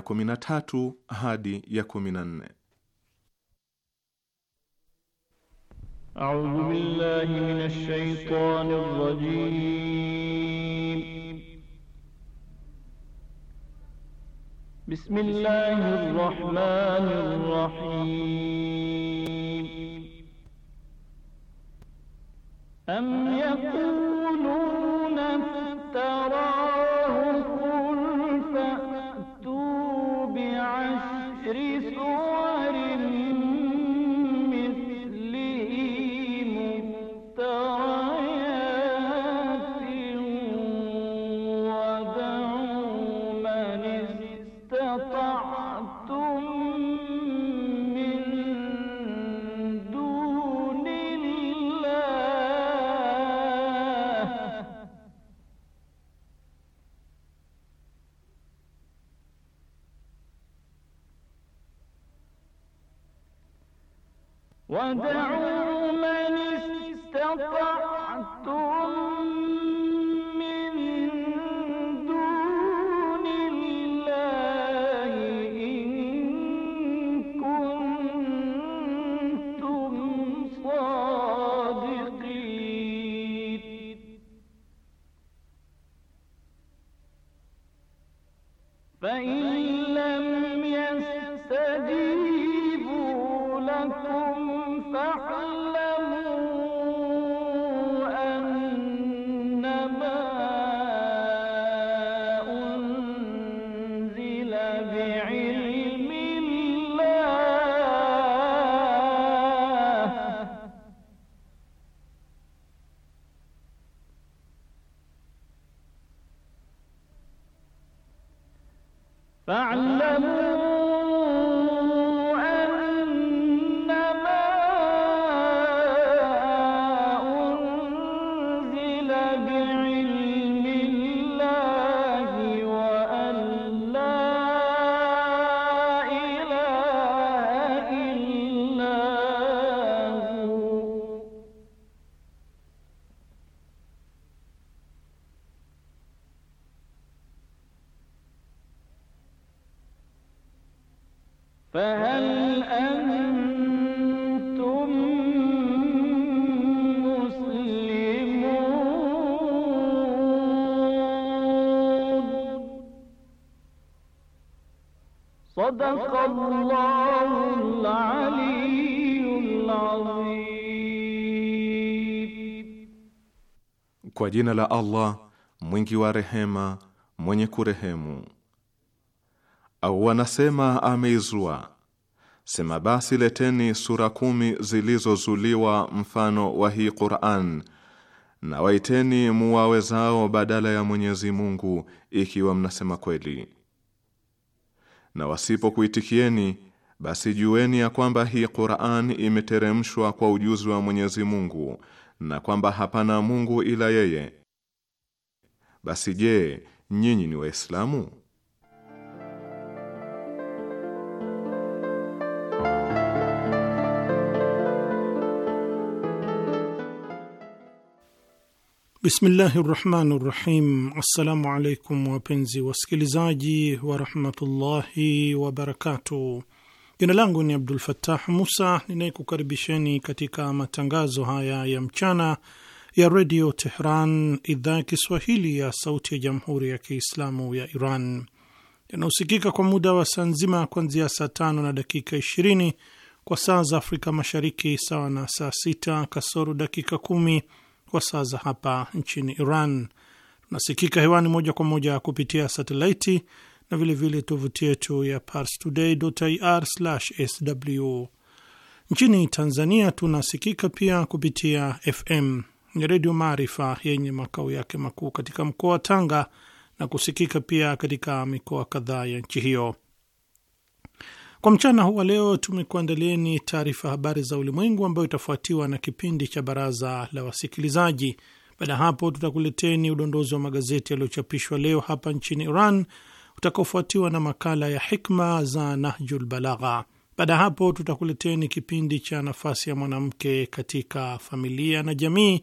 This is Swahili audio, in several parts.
ya 13 hadi ya 14. A'udhu billahi minash shaitanir rajim. Bismillahir rahmanir rahim. Am yaquluna iftara لم يستجيب jina la Allah mwingi wa rehema, mwenye kurehemu. Au wanasema ameizua. Sema basi, leteni sura kumi zilizozuliwa mfano wa hii Qur'an, na waiteni muwawezao badala ya Mwenyezi Mungu, ikiwa mnasema kweli. Na wasipokuitikieni basi jueni ya kwamba hii Qur'an imeteremshwa kwa ujuzi wa Mwenyezi Mungu na kwamba hapana Mungu ila yeye. Basi je, nyinyi ni Waislamu? Bismillahi rahmani rahim. Assalamu alaikum wapenzi wasikilizaji wa warahmatullahi wabarakatuh. Jina langu ni Abdul fatah Musa ninayekukaribisheni katika matangazo haya ya mchana ya redio Tehran, idhaa ya Kiswahili ya sauti ya jamhuri ya Kiislamu ya Iran, yanayosikika kwa muda wa saa nzima kuanzia saa tano na dakika 20 kwa saa za Afrika Mashariki, sawa na saa sita kasoro dakika kumi kwa saa za hapa nchini Iran. Tunasikika hewani moja kwa moja kupitia satelaiti na vilevile tovuti yetu ya parstoday.ir/sw. Nchini Tanzania tunasikika pia kupitia FM ni Redio Maarifa yenye makao yake makuu katika mkoa wa Tanga na kusikika pia katika mikoa kadhaa ya nchi hiyo. Kwa mchana huu wa leo tumekuandalieni taarifa habari za ulimwengu ambayo itafuatiwa na kipindi cha baraza la wasikilizaji. Baada ya hapo, tutakuleteni udondozi wa magazeti yaliyochapishwa leo hapa nchini Iran utakaofuatiwa na makala ya hikma za Nahjul Balagha. Baada ya hapo, tutakuleteni kipindi cha nafasi ya mwanamke katika familia na jamii,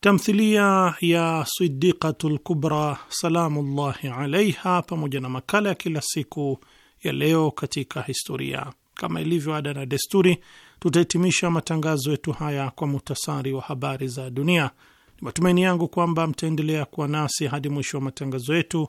tamthilia ya Sidiqatul Kubra salamullahi alaiha, pamoja na makala ya kila siku ya leo katika historia. Kama ilivyo ada na desturi, tutahitimisha matangazo yetu haya kwa muhtasari wa habari za dunia. Ni matumaini yangu kwamba mtaendelea kuwa nasi hadi mwisho wa matangazo yetu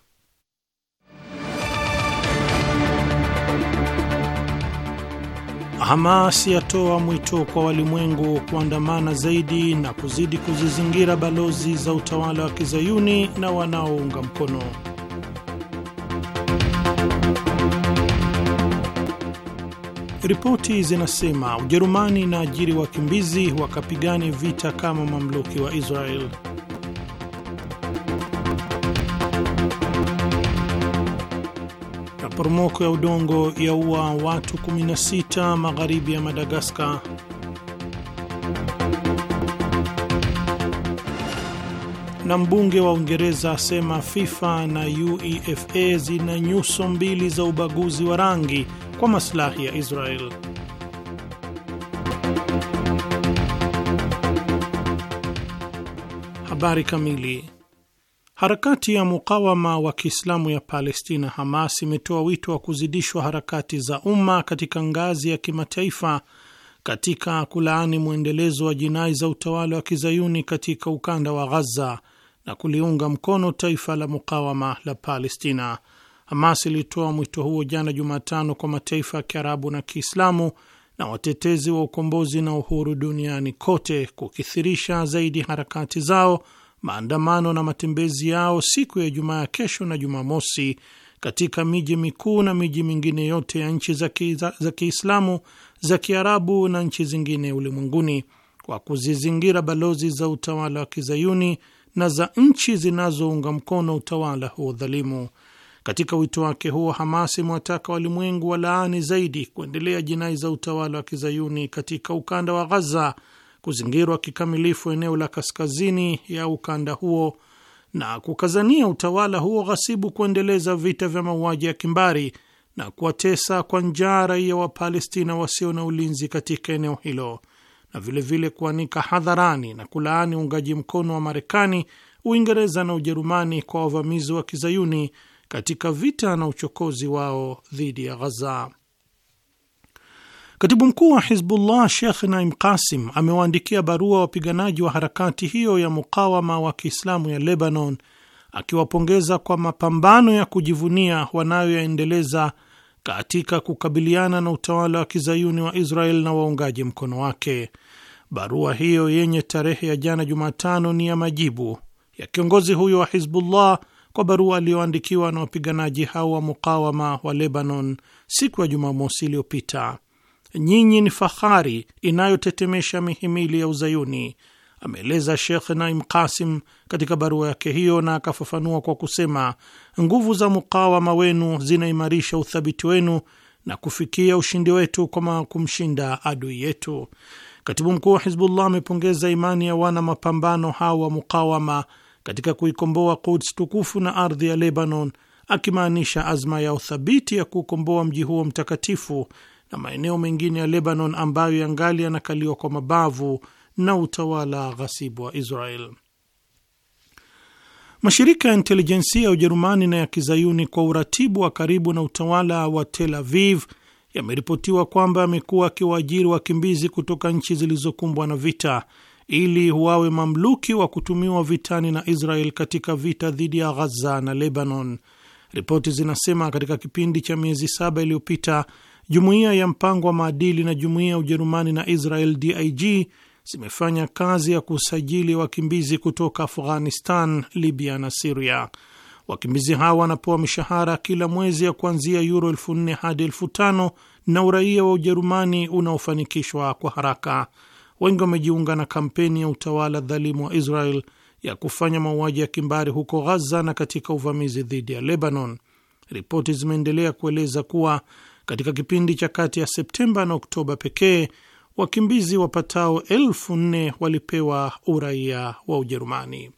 Hamas yatoa mwito kwa walimwengu kuandamana zaidi na kuzidi kuzizingira balozi za utawala wa kizayuni na wanaounga mkono. Ripoti zinasema Ujerumani na ajiri wakimbizi wakapigani vita kama mamluki wa Israel. maporomoko ya udongo yaua watu 16 magharibi ya Madagaskar. Na mbunge wa Uingereza asema FIFA na UEFA zina nyuso mbili za ubaguzi wa rangi kwa maslahi ya Israel. Habari kamili Harakati ya mukawama wa Kiislamu ya Palestina, Hamas, imetoa wito wa kuzidishwa harakati za umma katika ngazi ya kimataifa katika kulaani mwendelezo wa jinai za utawala wa kizayuni katika ukanda wa Ghaza na kuliunga mkono taifa la mukawama la Palestina. Hamas ilitoa mwito huo jana Jumatano kwa mataifa ya Kiarabu na Kiislamu na watetezi wa ukombozi na uhuru duniani kote kukithirisha zaidi harakati zao maandamano na matembezi yao siku ya Ijumaa ya kesho na Jumamosi katika miji mikuu na miji mingine yote ya nchi za Kiislamu za Kiarabu na nchi zingine ulimwenguni kwa kuzizingira balozi za utawala wa kizayuni na za nchi zinazounga mkono utawala huo dhalimu. Katika wito wake huo, Hamas imewataka walimwengu walaani zaidi kuendelea jinai za utawala wa kizayuni katika ukanda wa Ghaza kuzingirwa kikamilifu eneo la kaskazini ya ukanda huo na kukazania utawala huo ghasibu kuendeleza vita vya mauaji ya kimbari na kuwatesa kwa njaa raia wa Palestina wasio na ulinzi katika eneo hilo na vilevile kuanika hadharani na kulaani uungaji mkono wa Marekani, Uingereza na Ujerumani kwa wavamizi wa kizayuni katika vita na uchokozi wao dhidi ya Ghaza. Katibu mkuu wa Hizbullah Shekh Naim Qasim amewaandikia barua wapiganaji wa harakati hiyo ya mukawama wa Kiislamu ya Lebanon akiwapongeza kwa mapambano ya kujivunia wanayoyaendeleza katika kukabiliana na utawala wa kizayuni wa Israel na waungaji mkono wake. Barua hiyo yenye tarehe ya jana Jumatano ni ya majibu ya kiongozi huyo wa Hizbullah kwa barua aliyoandikiwa na wapiganaji hao wa mukawama wa Lebanon siku ya Jumamosi iliyopita nyinyi ni fahari inayotetemesha mihimili ya Uzayuni, ameeleza Shekh Naim Kasim katika barua yake hiyo, na akafafanua kwa kusema, nguvu za mukawama wenu zinaimarisha uthabiti wenu na kufikia ushindi wetu kwa kumshinda adui yetu. Katibu mkuu wa Hizbullah amepongeza imani ya wana mapambano hawa wa mukawama katika kuikomboa Quds tukufu na ardhi ya Lebanon, akimaanisha azma ya uthabiti ya kukomboa mji huo mtakatifu na maeneo mengine ya Lebanon ambayo yangali yanakaliwa kwa mabavu na utawala ghasibu wa Israel. Mashirika ya intelijensia ya Ujerumani na ya kizayuni kwa uratibu wa karibu na utawala wa Tel Aviv yameripotiwa kwamba amekuwa akiwaajiri wakimbizi kutoka nchi zilizokumbwa na vita ili wawe mamluki wa kutumiwa vitani na Israel katika vita dhidi ya Ghaza na Lebanon. Ripoti zinasema katika kipindi cha miezi saba iliyopita Jumuiya ya mpango wa maadili na jumuiya ya Ujerumani na Israel dig zimefanya kazi ya kusajili wakimbizi kutoka Afghanistan, Libya na Siria. Wakimbizi hawa wanapewa mishahara kila mwezi ya kuanzia yuro elfu nne hadi elfu tano na uraia wa Ujerumani unaofanikishwa kwa haraka. Wengi wamejiunga na kampeni ya utawala dhalimu wa Israel ya kufanya mauaji ya kimbari huko Ghaza na katika uvamizi dhidi ya Lebanon. Ripoti zimeendelea kueleza kuwa katika kipindi cha kati ya Septemba na Oktoba pekee wakimbizi wapatao elfu nne walipewa uraia wa Ujerumani.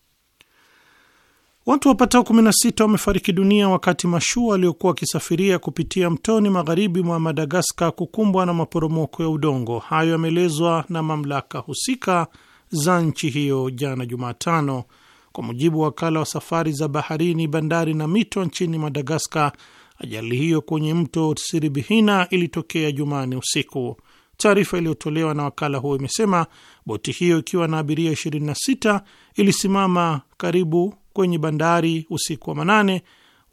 Watu wapatao 16 wamefariki dunia wakati mashua waliokuwa wakisafiria kupitia mtoni magharibi mwa Madagaskar kukumbwa na maporomoko ya udongo. Hayo yameelezwa na mamlaka husika za nchi hiyo jana Jumatano, kwa mujibu wa wakala wa safari za baharini, bandari na mito nchini Madagaskar. Ajali hiyo kwenye mto Siribihina ilitokea Jumane usiku. Taarifa iliyotolewa na wakala huo imesema boti hiyo ikiwa na abiria 26 ilisimama karibu kwenye bandari usiku wa manane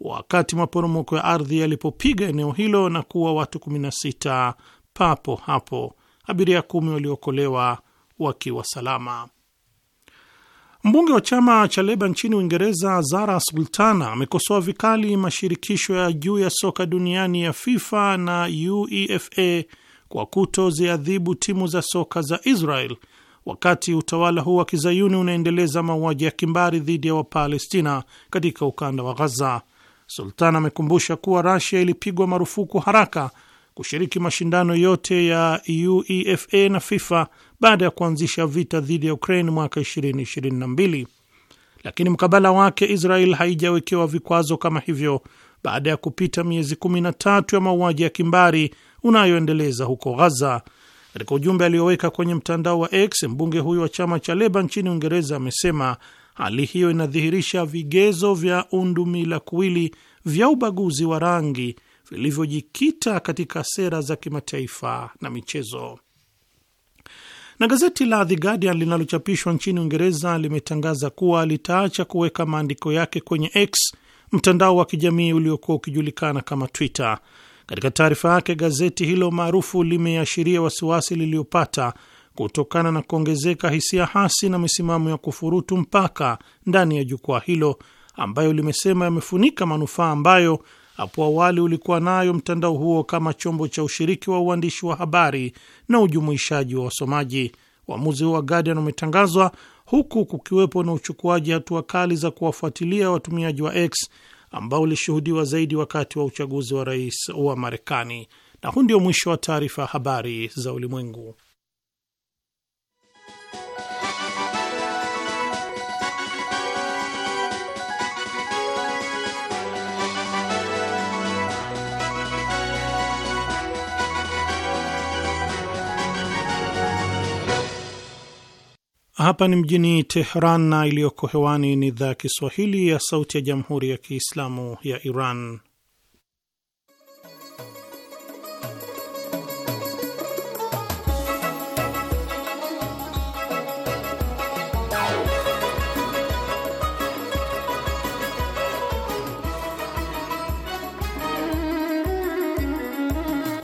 wakati maporomoko ya ardhi yalipopiga eneo hilo na kuwa watu 16 papo hapo. Abiria kumi waliokolewa wakiwa salama. Mbunge wa chama cha Leba nchini Uingereza, Zara Sultana, amekosoa vikali mashirikisho ya juu ya soka duniani ya FIFA na UEFA kwa kutoziadhibu timu za soka za Israel wakati utawala huu wa kizayuni unaendeleza mauaji ya kimbari dhidi ya Wapalestina katika ukanda wa Ghaza. Sultan amekumbusha kuwa Rasia ilipigwa marufuku haraka kushiriki mashindano yote ya UEFA na FIFA baada ya kuanzisha vita dhidi ya Ukraine mwaka 2022, lakini mkabala wake Israel haijawekewa vikwazo kama hivyo baada ya kupita miezi 13 ya mauaji ya kimbari unayoendeleza huko Ghaza. Katika ujumbe aliyoweka kwenye mtandao wa X, mbunge huyo wa chama cha Leba nchini Uingereza amesema hali hiyo inadhihirisha vigezo vya undumila kuwili vya ubaguzi wa rangi vilivyojikita katika sera za kimataifa na michezo. Na gazeti la The Guardian linalochapishwa nchini Uingereza limetangaza kuwa litaacha kuweka maandiko yake kwenye X, mtandao wa kijamii uliokuwa ukijulikana kama Twitter. Katika taarifa yake, gazeti hilo maarufu limeashiria wasiwasi liliyopata kutokana na kuongezeka hisia hasi na misimamo ya kufurutu mpaka ndani ya jukwaa hilo ambayo limesema yamefunika manufaa ambayo hapo awali ulikuwa nayo mtandao huo kama chombo cha ushiriki wa uandishi wa habari na ujumuishaji wa wasomaji. Uamuzi huo wa Guardian umetangazwa huku kukiwepo na uchukuaji hatua kali za kuwafuatilia watumiaji wa X ambao ulishuhudiwa zaidi wakati wa uchaguzi wa rais wa Marekani. Na huu ndio mwisho wa taarifa ya habari za ulimwengu. Hapa ni mjini Tehran na iliyoko hewani ni idhaa ya Kiswahili ya Sauti ya Jamhuri ya Kiislamu ya Iran.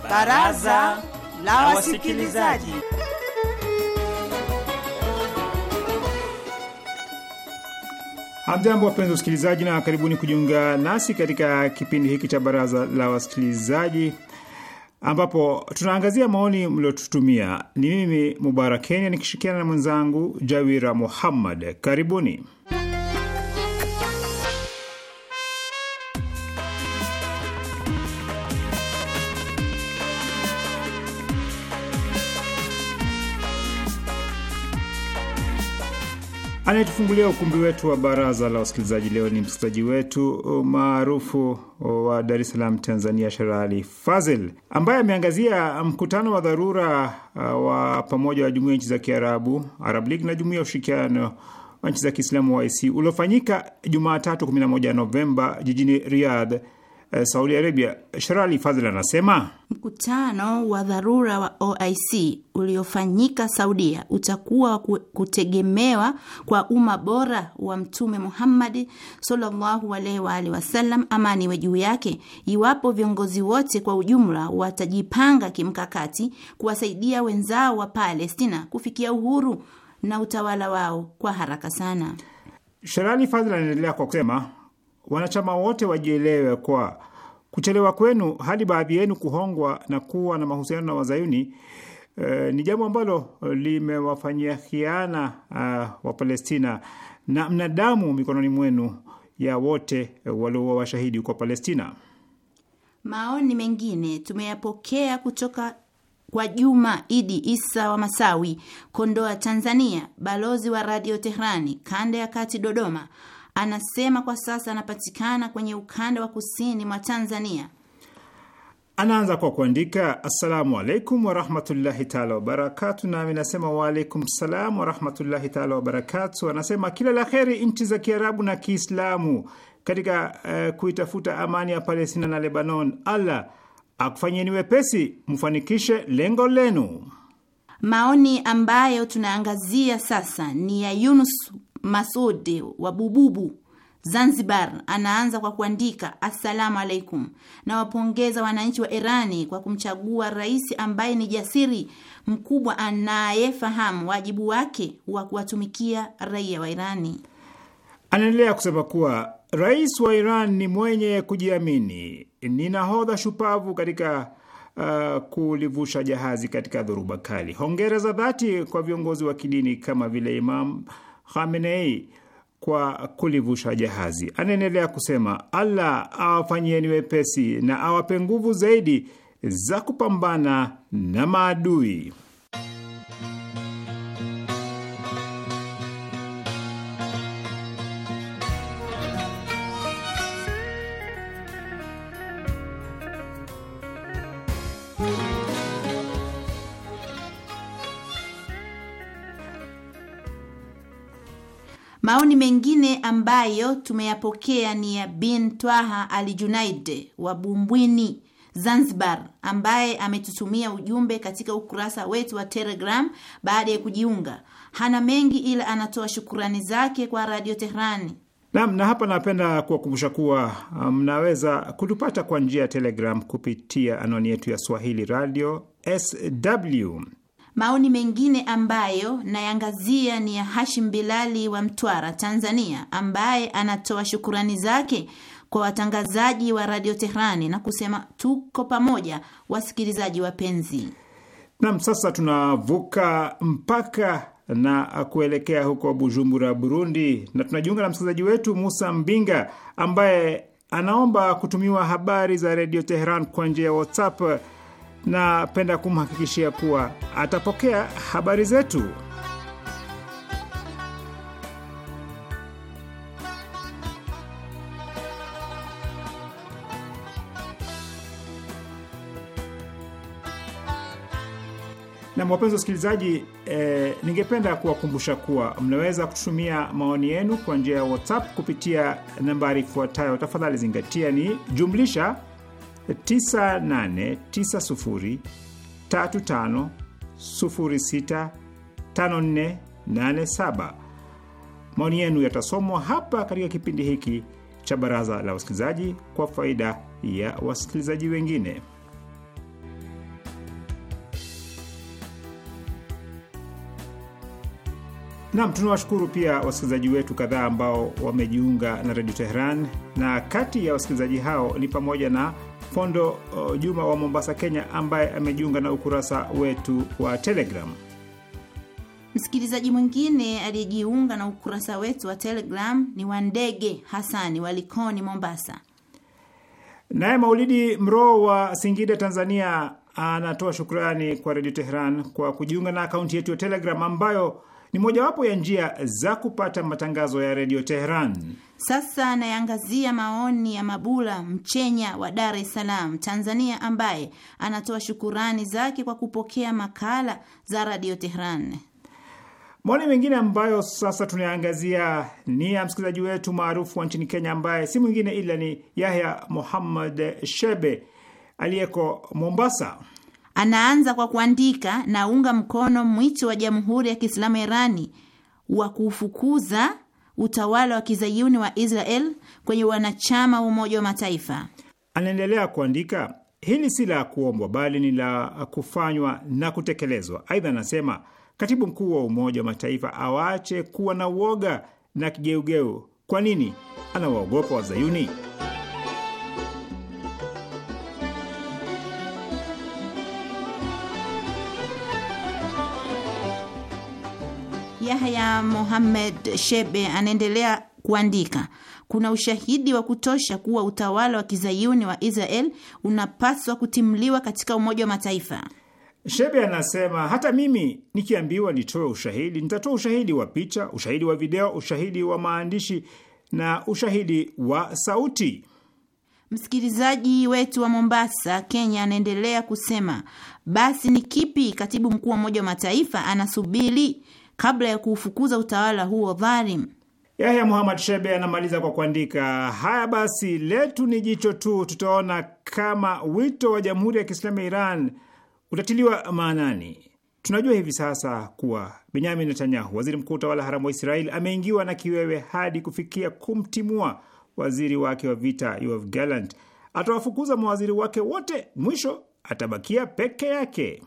Baraza la Wasikilizaji. Amjambo, wapenzi wasikilizaji, na karibuni kujiunga nasi katika kipindi hiki cha baraza la wasikilizaji ambapo tunaangazia maoni mliotutumia. Ni mimi Mubarak Kenya nikishirikiana na mwenzangu Jawira Muhammad. Karibuni. Anayetufungulia ukumbi wetu wa baraza la wasikilizaji leo ni msikilizaji wetu uh, maarufu uh, wa Dar es Salaam, Tanzania, Sherali Fazil ambaye ameangazia mkutano wa dharura uh, wa pamoja wa ya nchi za Kiarabu, Arab League, na jumuia ya ushirikiano wa nchi za Kiislamu, OIC, uliofanyika Jumatatu 11 Novemba jijini Riyadh Eh, Saudi Arabia. Sherali Fadhil anasema mkutano wa dharura wa OIC uliofanyika Saudia utakuwa kutegemewa kwa umma bora wa Mtume Muhammadi sallallahu alaihi wa alihi wasallam, amani iwe juu yake, iwapo viongozi wote kwa ujumla watajipanga kimkakati kuwasaidia wenzao wa Palestina kufikia uhuru na utawala wao kwa haraka sana. Sherali Fadhil anaendelea kwa kusema Wanachama wote wajielewe kwa kuchelewa kwenu hadi baadhi yenu kuhongwa na kuwa na mahusiano na wazayuni e, ni jambo ambalo limewafanyia khiana uh, ah, Wapalestina na mnadamu mikononi mwenu ya wote walioua washahidi huko Palestina. Maoni mengine tumeyapokea kutoka kwa Juma Idi Isa wa Masawi, Kondoa, Tanzania, balozi wa Radio Tehrani kanda ya kati Dodoma, Anasema kwa sasa anapatikana kwenye ukanda wa kusini mwa Tanzania. Anaanza kwa kuandika assalamu alaikum warahmatullahi taala wabarakatu, nami nasema waalaikum salam warahmatullahi taala wabarakatu. Anasema kila la heri nchi za Kiarabu na Kiislamu katika uh, kuitafuta amani ya Palestina na Lebanon. Allah akufanyeni wepesi, mfanikishe lengo lenu. Maoni ambayo tunaangazia sasa ni ya Yunus Masode wa Bububu Zanzibar anaanza kwa kuandika assalamu alaikum, na wapongeza wananchi wa Irani kwa kumchagua rais ambaye ni jasiri mkubwa anayefahamu wajibu wake wa kuwatumikia raia wa Irani. Anaendelea kusema kuwa rais wa Iran ni mwenye kujiamini, ni nahodha shupavu katika Uh, kulivusha jahazi katika dhoruba kali. Hongera za dhati kwa viongozi wa kidini kama vile Imam Khamenei kwa kulivusha jahazi. Anaendelea kusema, Allah awafanyieni wepesi na awape nguvu zaidi za kupambana na maadui. Maoni mengine ambayo tumeyapokea ni ya bin Twaha Al Junaid wa Bumbwini, Zanzibar, ambaye ametutumia ujumbe katika ukurasa wetu wa Telegram baada ya kujiunga. Hana mengi ila anatoa shukurani zake kwa Radio Tehrani. Naam, na hapa napenda kuwakumbusha kuwa um, mnaweza um, kutupata kwa njia ya Telegram kupitia anwani yetu ya Swahili Radio sw Maoni mengine ambayo nayangazia ni ya Hashim Bilali wa Mtwara, Tanzania, ambaye anatoa shukurani zake kwa watangazaji wa Radio Tehrani na kusema tuko pamoja wasikilizaji wapenzi. Nam, sasa tunavuka mpaka na kuelekea huko Bujumbura, Burundi, na tunajiunga na msikilizaji wetu Musa Mbinga ambaye anaomba kutumiwa habari za Redio Teheran kwa njia ya WhatsApp napenda kumhakikishia kuwa atapokea habari zetu. Na wapenzi wasikilizaji, eh, ningependa kuwakumbusha kuwa mnaweza kutumia maoni yenu kwa njia ya WhatsApp kupitia nambari ifuatayo. Tafadhali zingatia, ni jumlisha 989035065487. Maoni yenu yatasomwa hapa katika kipindi hiki cha Baraza la Wasikilizaji kwa faida ya wasikilizaji wengine. Nam, tunawashukuru pia wasikilizaji wetu kadhaa ambao wamejiunga na redio Teheran, na kati ya wasikilizaji hao ni pamoja na Fondo Juma wa Mombasa, Kenya, ambaye amejiunga na ukurasa wetu wa Telegram. Msikilizaji mwingine aliyejiunga na ukurasa wetu wa Telegram ni Wandege Hasani wa Likoni, Mombasa. Naye Maulidi Mroo wa Singida, Tanzania, anatoa shukrani kwa Redio Teheran kwa kujiunga na akaunti yetu ya Telegram ambayo ni mojawapo ya njia za kupata matangazo ya Redio Teheran. Sasa anayeangazia maoni ya Mabula Mchenya wa Dar es Salaam, Tanzania, ambaye anatoa shukurani zake kwa kupokea makala za Radio Tehran. Maoni mengine ambayo sasa tunayangazia ni ya msikilizaji wetu maarufu wa nchini Kenya, ambaye si mwingine ila ni Yahya Muhammad Shebe aliyeko Mombasa. Anaanza kwa kuandika, naunga mkono mwito wa Jamhuri ya Kiislamu Irani wa kufukuza utawala wa kizayuni wa Israel kwenye wanachama wa Umoja wa Mataifa. Anaendelea kuandika, hili si la kuombwa, bali ni la kufanywa na kutekelezwa. Aidha anasema katibu mkuu wa Umoja wa Mataifa awaache kuwa na uoga na kigeugeu. Kwa nini anawaogopa Wazayuni? Mohamed Shebe anaendelea kuandika kuna ushahidi wa kutosha kuwa utawala wa kizayuni wa Israel unapaswa kutimliwa katika Umoja wa Mataifa. Shebe anasema hata mimi nikiambiwa nitoe ushahidi, nitatoa ushahidi wa picha, ushahidi wa video, ushahidi wa maandishi na ushahidi wa sauti. Msikilizaji wetu wa Mombasa, Kenya, anaendelea kusema basi ni kipi katibu mkuu wa Umoja wa Mataifa anasubiri kabla ya kuufukuza utawala huo dhalim. Yahya Muhammad Shebe anamaliza kwa kuandika, haya basi, letu ni jicho tu, tutaona kama wito wa Jamhuri ya Kiislamu ya Iran utatiliwa maanani. Tunajua hivi sasa kuwa Benyamin Netanyahu, waziri mkuu utawala haramu wa Israeli, ameingiwa na kiwewe hadi kufikia kumtimua waziri wake wa vita Yoav Gallant. Atawafukuza mawaziri wake wote, mwisho atabakia peke yake.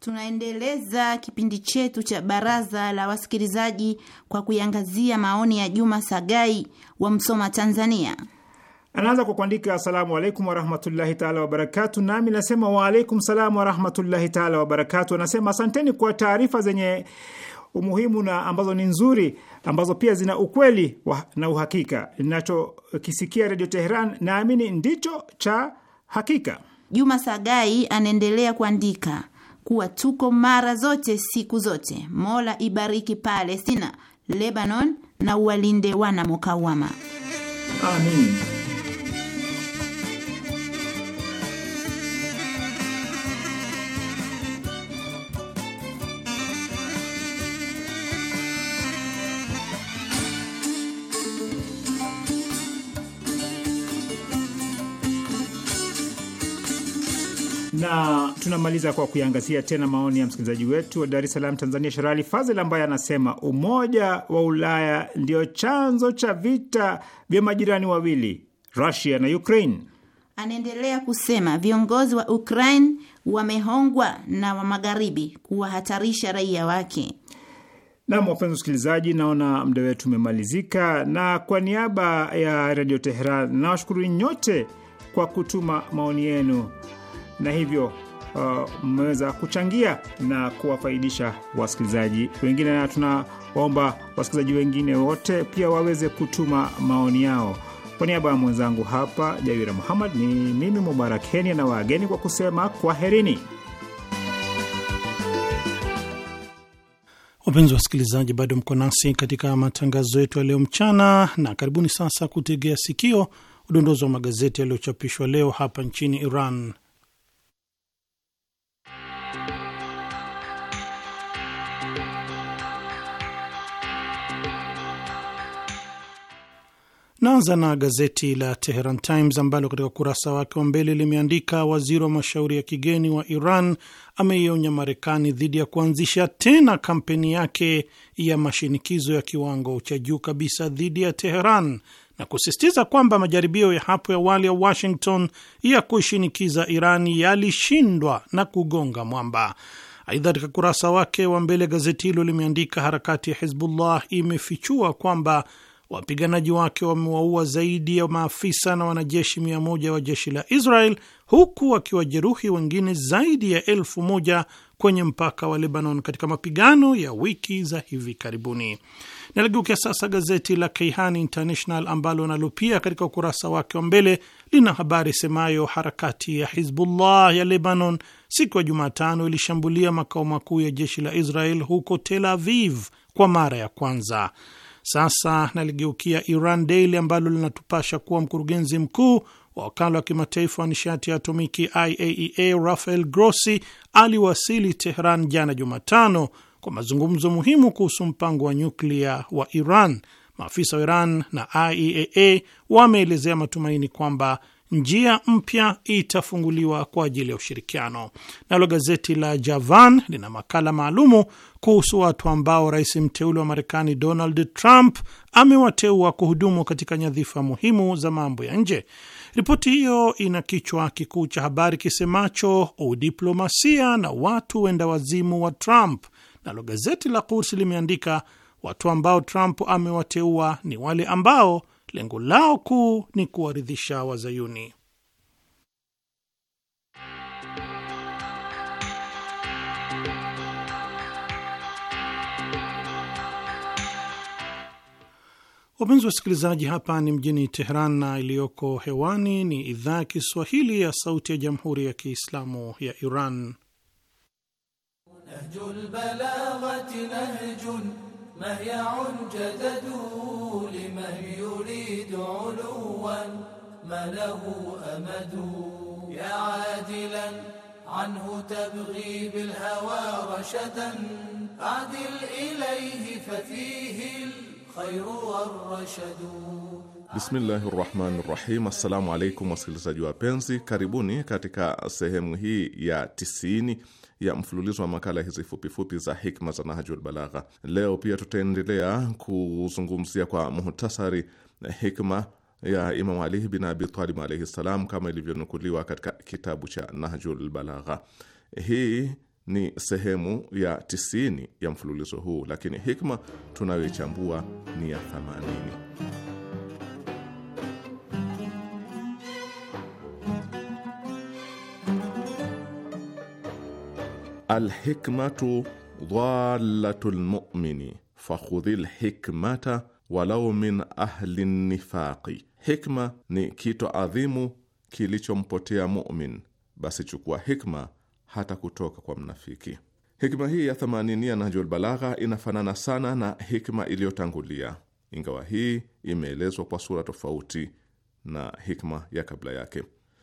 Tunaendeleza kipindi chetu cha baraza la wasikilizaji kwa kuiangazia maoni ya Juma Sagai wa Msoma, Tanzania. Anaanza kwa kuandika asalamu alaikum warahmatullahi taala wabarakatu, nami nasema waalaikum salam warahmatullahi taala wabarakatu. Anasema asanteni kwa taarifa zenye umuhimu na ambazo ni nzuri, ambazo pia zina ukweli na uhakika. Ninachokisikia Redio Teheran naamini ndicho cha hakika. Juma Sagai anaendelea kuandika kuwa tuko mara zote siku zote. Mola ibariki Palestina, Lebanon na uwalinde wana mukawama. Amin. na tunamaliza kwa kuiangazia tena maoni ya msikilizaji wetu wa Dar es Salaam, Tanzania, Sherali Fazel ambaye anasema Umoja wa Ulaya ndio chanzo cha vita vya majirani wawili Rusia na Ukraine. Anaendelea kusema viongozi wa Ukraine wamehongwa na wa magharibi kuwahatarisha raia wake. Nam, wapenzi wasikilizaji, naona muda wetu umemalizika, na kwa niaba ya Redio Teheran nawashukuru nyote kwa kutuma maoni yenu na hivyo uh, mmeweza uh, kuchangia na kuwafaidisha wasikilizaji wengine, na tunawaomba wasikilizaji wengine wote pia waweze kutuma maoni yao. Kwa niaba ya mwenzangu hapa Jawira Muhammad, ni mimi Mubarak henia na wageni kwa kusema kwaherini. Wapenzi wa wasikilizaji, bado mko nasi katika matangazo yetu ya leo mchana, na karibuni sasa kutegea sikio udondozi wa magazeti yaliyochapishwa leo hapa nchini Iran. Naanza na gazeti la Teheran Times ambalo katika ukurasa wake wa mbele limeandika waziri wa mashauri ya kigeni wa Iran ameionya Marekani dhidi ya kuanzisha tena kampeni yake ya mashinikizo ya kiwango cha juu kabisa dhidi ya Teheran na kusisitiza kwamba majaribio ya hapo ya wali ya Washington ya kushinikiza Iran yalishindwa na kugonga mwamba. Aidha, katika kurasa wake wa mbele gazeti hilo limeandika harakati ya Hizbullah imefichua kwamba wapiganaji wake wamewaua zaidi ya maafisa na wanajeshi mia moja wa jeshi la Israel huku wakiwajeruhi wengine zaidi ya elfu moja kwenye mpaka wa Lebanon katika mapigano ya wiki za hivi karibuni. Naligeukia sasa gazeti la Kayhan International ambalo nalupia katika ukurasa wake wa mbele lina habari semayo harakati ya Hizbullah ya Lebanon siku ya Jumatano ilishambulia makao makuu ya jeshi la Israel huko Tel Aviv kwa mara ya kwanza. Sasa naligeukia Iran Daily ambalo linatupasha kuwa mkurugenzi mkuu wa wakala wa kimataifa wa nishati ya atomiki IAEA e Rafael Grossi aliwasili Tehran jana Jumatano kwa mazungumzo muhimu kuhusu mpango wa nyuklia wa Iran. Maafisa wa Iran na IAEA e wameelezea matumaini kwamba njia mpya itafunguliwa kwa ajili ya ushirikiano. Nalo gazeti la Javan lina makala maalumu kuhusu watu ambao rais mteule wa Marekani Donald Trump amewateua kuhudumu katika nyadhifa muhimu za mambo ya nje. Ripoti hiyo ina kichwa kikuu cha habari kisemacho udiplomasia na watu wenda wazimu wa Trump. Nalo gazeti la Quds limeandika watu ambao Trump amewateua ni wale ambao lengo lao kuu ni kuwaridhisha Wazayuni. Wapenzi wa wasikilizaji, hapa ni mjini Teheran na iliyoko hewani ni idhaa ya Kiswahili ya Sauti ya Jamhuri ya Kiislamu ya Iran. Nahjul balagati مهيع جدد لمن يريد علوا ما له أمد يا عادلا عنه تبغي بالهوى رشدا أعدل إليه ففيه الخير والرشد Bismillahi rahmani rahim. Assalamu alaikum wasikilizaji wapenzi, karibuni katika sehemu hii ya tisini ya mfululizo wa makala hizi fupifupi za hikma za Nahjul Balagha. Leo pia tutaendelea kuzungumzia kwa muhtasari hikma ya imamu Ali bin Abi Talib alaihi ssalam kama ilivyonukuliwa katika kitabu cha Nahjul Balagha. Hii ni sehemu ya tisini ya mfululizo huu, lakini hikma tunayoichambua ni ya 80 alhikmatu dhalatu lmumini fakhudhi lhikmata walau min ahli nifaqi, hikma ni kito adhimu kilichompotea mumin, basi chukua hikma hata kutoka kwa mnafiki. Hikma hii ya themanini ya Nahjul Balagha inafanana sana na hikma iliyotangulia, ingawa hii imeelezwa kwa sura tofauti na hikma ya kabla yake.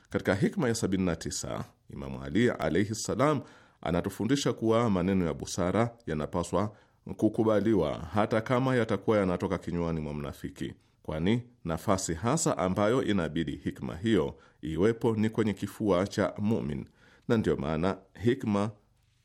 Katika hikma ya 79 Imamu Ali alaihi ssalam anatufundisha kuwa maneno ya busara yanapaswa kukubaliwa hata kama yatakuwa yanatoka kinywani mwa mnafiki, kwani nafasi hasa ambayo inabidi hikma hiyo iwepo ni kwenye kifua cha mumin, na ndiyo maana hikma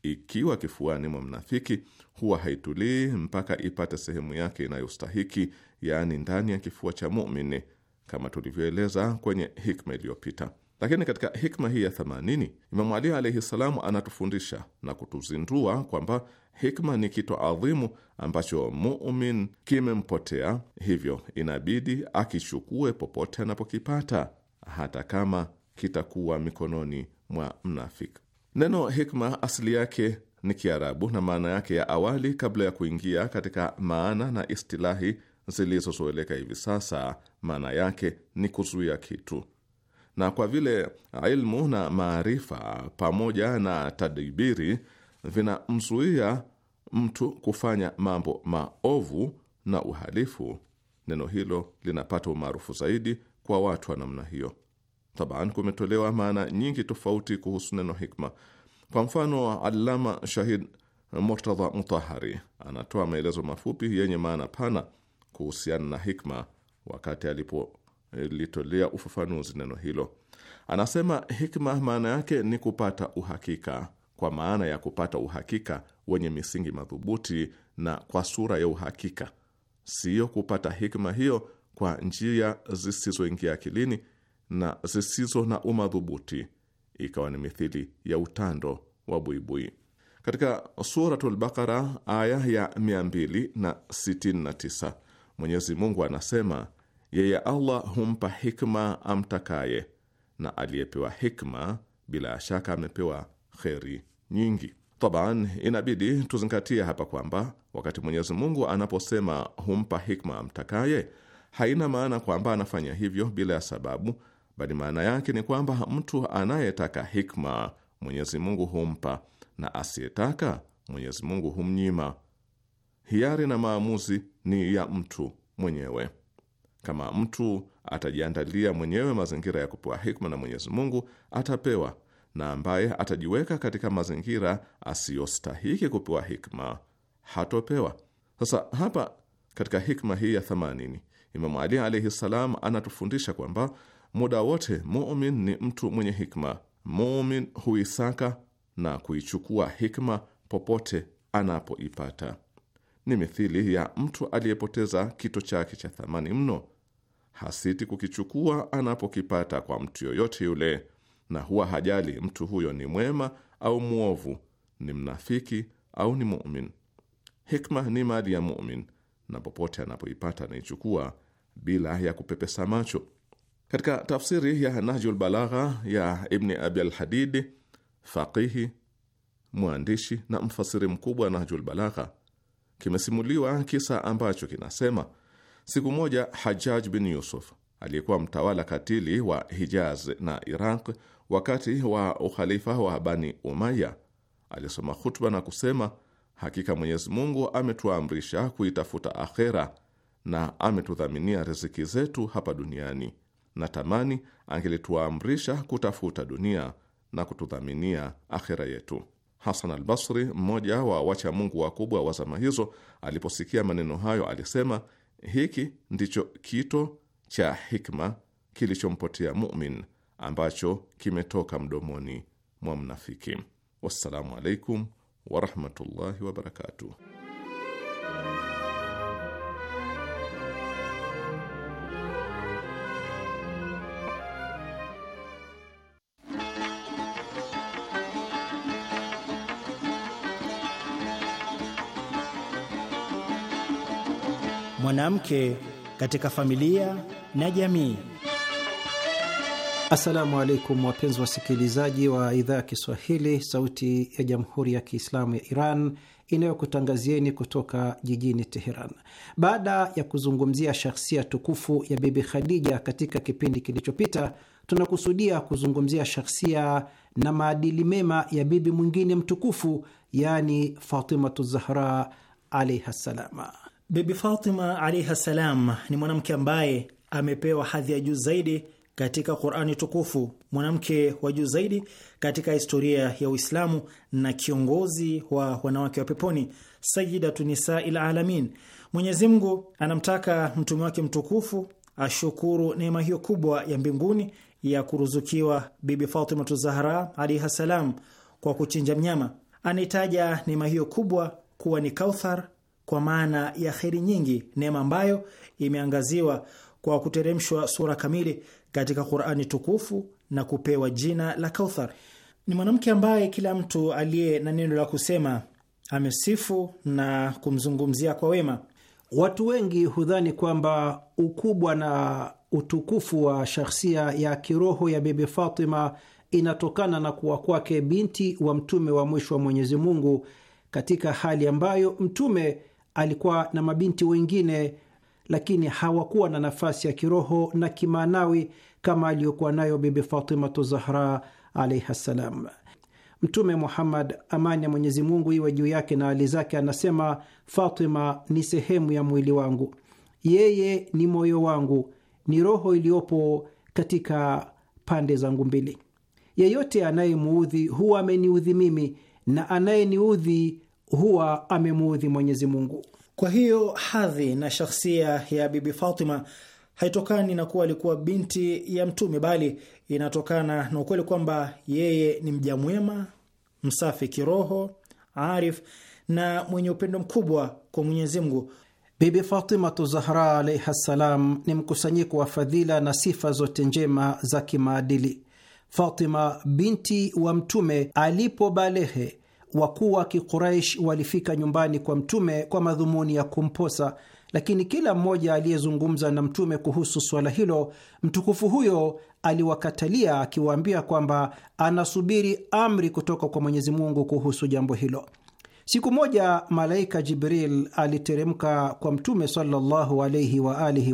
ikiwa kifuani mwa mnafiki huwa haitulii mpaka ipate sehemu yake inayostahiki, yaani ndani ya kifua cha mumini kama tulivyoeleza kwenye hikma iliyopita. Lakini katika hikma hii ya 80 Imamu Ali alaihi salamu anatufundisha na kutuzindua kwamba hikma ni kitu adhimu ambacho mumin kimempotea, hivyo inabidi akichukue popote anapokipata, hata kama kitakuwa mikononi mwa mnafik Neno hikma asili yake ni Kiarabu na maana yake ya awali kabla ya kuingia katika maana na istilahi zilizozoeleka hivi sasa, maana yake ni kuzuia kitu na kwa vile ah, ilmu na maarifa pamoja na tadibiri vinamzuia mtu kufanya mambo maovu na uhalifu, neno hilo linapata umaarufu zaidi kwa watu wa namna hiyo. Taban, kumetolewa maana nyingi tofauti kuhusu neno hikma. Kwa mfano, Allama Shahid Murtadha Mutahari anatoa maelezo mafupi yenye maana pana kuhusiana na hikma wakati alipo ilitolea ufafanuzi neno hilo. Anasema hikma maana yake ni kupata uhakika, kwa maana ya kupata uhakika wenye misingi madhubuti na kwa sura ya uhakika, siyo kupata hikma hiyo kwa njia zisizoingia akilini na zisizo na umadhubuti, ikawa ni mithili ya utando wa buibui. Katika Suratul Bakara aya ya 269 Mwenyezi Mungu anasema yeye Allah humpa hikma amtakaye, na aliyepewa hikma bila shaka amepewa kheri nyingi. Taban, inabidi tuzingatie hapa kwamba wakati Mwenyezi Mungu anaposema humpa hikma amtakaye, haina maana kwamba anafanya hivyo bila ya sababu, bali maana yake ni kwamba mtu anayetaka hikma Mwenyezi Mungu humpa na asiyetaka Mwenyezi Mungu humnyima. Hiari na maamuzi ni ya mtu mwenyewe. Kama mtu atajiandalia mwenyewe mazingira ya kupewa hikma na Mwenyezi Mungu atapewa, na ambaye atajiweka katika mazingira asiyostahiki kupewa hikma hatopewa. Sasa hapa katika hikma hii ya thamanini, Imamu Ali alaihi salam anatufundisha kwamba muda wote mumin ni mtu mwenye hikma. Mumin huisaka na kuichukua hikma popote anapoipata ni mithili ya mtu aliyepoteza kito chake cha thamani mno. Hasiti kukichukua anapokipata kwa mtu yoyote yule, na huwa hajali mtu huyo ni mwema au mwovu, ni mnafiki au ni mumin. Hikma ni mali ya mumin, na popote anapoipata anaichukua bila ya kupepesa macho. Katika tafsiri ya Nahjul Balagha ya Ibni Abi Alhadidi, faqihi, mwandishi na mfasiri mkubwa Nahjul Balagha kimesimuliwa kisa ambacho kinasema siku moja Hajjaj bin Yusuf aliyekuwa mtawala katili wa Hijaz na Iraq wakati wa ukhalifa wa Bani Umaya alisoma khutba na kusema, hakika Mwenyezi Mungu ametuamrisha kuitafuta akhera na ametudhaminia riziki zetu hapa duniani, na tamani angelituamrisha kutafuta dunia na kutudhaminia akhera yetu. Hasan al Basri, mmoja wa wacha mungu wakubwa wa zama hizo, aliposikia maneno hayo alisema, hiki ndicho kito cha hikma kilichompotea mumin ambacho kimetoka mdomoni mwa mnafiki. Wassalamu alaikum warahmatullahi wabarakatuh. mwanamke katika familia na jamii. Assalamu alaikum wapenzi wasikilizaji wa idhaa ya Kiswahili, Sauti ya Jamhuri ya Kiislamu ya Iran inayokutangazieni kutoka jijini Teheran. Baada ya kuzungumzia shakhsia tukufu ya Bibi Khadija katika kipindi kilichopita, tunakusudia kuzungumzia shakhsia na maadili mema ya bibi mwingine mtukufu, yaani Fatimatu Zahra alaihi ssalama. Bibi Fatima alaiha salam ni mwanamke ambaye amepewa hadhi ya juu zaidi katika Qur'ani tukufu, mwanamke wa juu zaidi katika historia ya Uislamu na kiongozi wa wanawake wa peponi, Sayidatu Nisa'il Alamin. Mwenyezi Mungu anamtaka mtume wake mtukufu ashukuru neema hiyo kubwa ya mbinguni ya kuruzukiwa Bibi Fatimatu Zahra alaiha salam kwa kuchinja mnyama. Anaitaja neema hiyo kubwa kuwa ni kauthar kwa maana ya kheri nyingi, neema ambayo imeangaziwa kwa kuteremshwa sura kamili katika Qur'ani tukufu na kupewa jina la Kauthar. Ni mwanamke ambaye kila mtu aliye na neno la kusema amesifu na kumzungumzia kwa wema. Watu wengi hudhani kwamba ukubwa na utukufu wa shakhsia ya kiroho ya Bibi Fatima inatokana na kuwa kwake binti wa mtume wa mwisho wa Mwenyezi Mungu katika hali ambayo mtume alikuwa na mabinti wengine, lakini hawakuwa na nafasi ya kiroho na kimaanawi kama aliyokuwa nayo Bibi Fatimatu Zahra alaihi ssalam. Mtume Muhammad, amani ya Mwenyezi Mungu iwe juu yake na hali zake, anasema Fatima ni sehemu ya mwili wangu, yeye ni moyo wangu, ni roho iliyopo katika pande zangu mbili. Yeyote anayemuudhi huwa ameniudhi mimi, na anayeniudhi huwa amemuudhi Mwenyezi Mungu. Kwa hiyo hadhi na shakhsia ya Bibi Fatima haitokani na kuwa alikuwa binti ya Mtume, bali inatokana na ukweli kwamba yeye ni mja mwema, msafi kiroho, arif na mwenye upendo mkubwa kwa Mwenyezi Mungu. Bibi Fatimatu Zahra alaihi ssalam ni mkusanyiko wa fadhila na sifa zote njema za kimaadili. Fatima binti wa Mtume alipobalehe wakuu wa kiquraish walifika nyumbani kwa Mtume kwa madhumuni ya kumposa, lakini kila mmoja aliyezungumza na Mtume kuhusu swala hilo, mtukufu huyo aliwakatalia akiwaambia kwamba anasubiri amri kutoka kwa Mwenyezi Mungu kuhusu jambo hilo. Siku moja malaika Jibril aliteremka kwa Mtume sallallahu alaihi wa alihi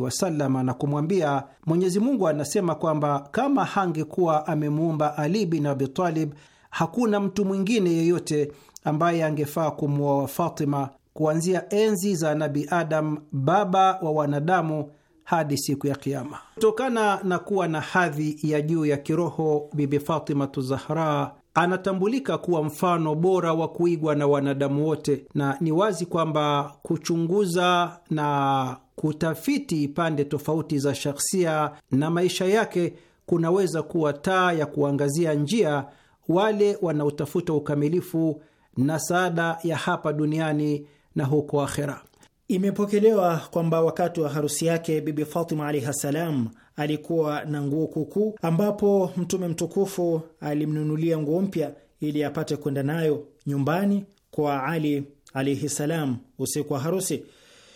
na kumwambia, Mwenyezi Mungu anasema kwamba kama hangekuwa amemuumba Ali bin Abi Talib Hakuna mtu mwingine yeyote ambaye angefaa kumwoa Fatima kuanzia enzi za Nabi Adam, baba wa wanadamu, hadi siku ya Kiama. Kutokana na kuwa na hadhi ya juu ya kiroho, Bibi Fatimatu Zahra anatambulika kuwa mfano bora wa kuigwa na wanadamu wote, na ni wazi kwamba kuchunguza na kutafiti pande tofauti za shakhsia na maisha yake kunaweza kuwa taa ya kuangazia njia wale wanaotafuta ukamilifu na saada ya hapa duniani na huko akhera. Imepokelewa kwamba wakati wa harusi yake Bibi Fatima alaihi ssalam alikuwa na nguo kuukuu, ambapo Mtume mtukufu alimnunulia nguo mpya ili apate kwenda nayo nyumbani kwa Ali alaihi ssalam usiku wa harusi.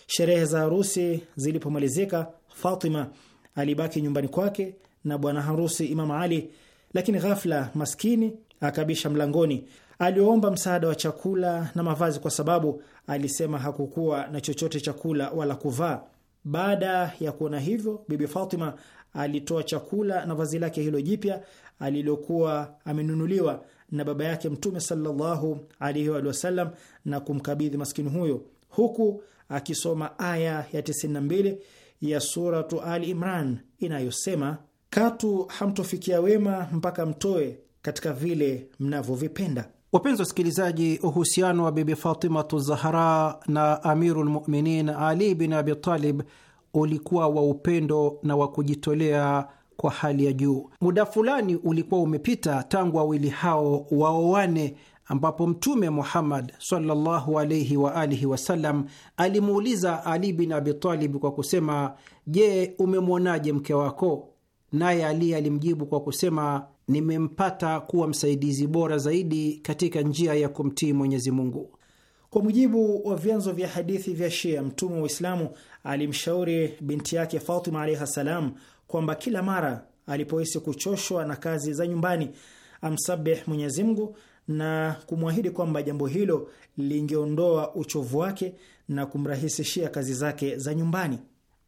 Sherehe za harusi zilipomalizika, Fatima alibaki nyumbani kwake na bwana harusi Imam Ali lakini ghafla maskini akabisha mlangoni. Aliomba msaada wa chakula na mavazi, kwa sababu alisema hakukuwa na chochote chakula wala kuvaa. Baada ya kuona hivyo, Bibi Fatima alitoa chakula na vazi lake hilo jipya alilokuwa amenunuliwa na baba yake Mtume sallallahu alaihi wa sallam na kumkabidhi maskini huyo huku akisoma aya ya 92 ya Suratu Ali Imran inayosema katu hamtofikia wema mpaka mtoe katika vile mnavyovipenda. Wapenzi wasikilizaji, uhusiano wa Bibi Fatimatu Zahara na Amiru lmuminin Ali bin Abitalib ulikuwa wa upendo na wa kujitolea kwa hali ya juu. Muda fulani ulikuwa umepita tangu wawili hao waowane, ambapo Mtume Muhammad sallallahu alaihi wa alihi wasallam alimuuliza Ali bin Abitalib kwa kusema, je, umemwonaje mke wako? naye Ali alimjibu kwa kusema, nimempata kuwa msaidizi bora zaidi katika njia ya kumtii Mwenyezi Mungu. Kwa mujibu wa vyanzo vya hadithi vya Shia, mtume wa Uislamu alimshauri binti yake Fatima alaihi ssalam kwamba kila mara alipohisi kuchoshwa na kazi za nyumbani amsabih Mwenyezi Mungu na kumwahidi kwamba jambo hilo lingeondoa uchovu wake na kumrahisishia kazi zake za nyumbani.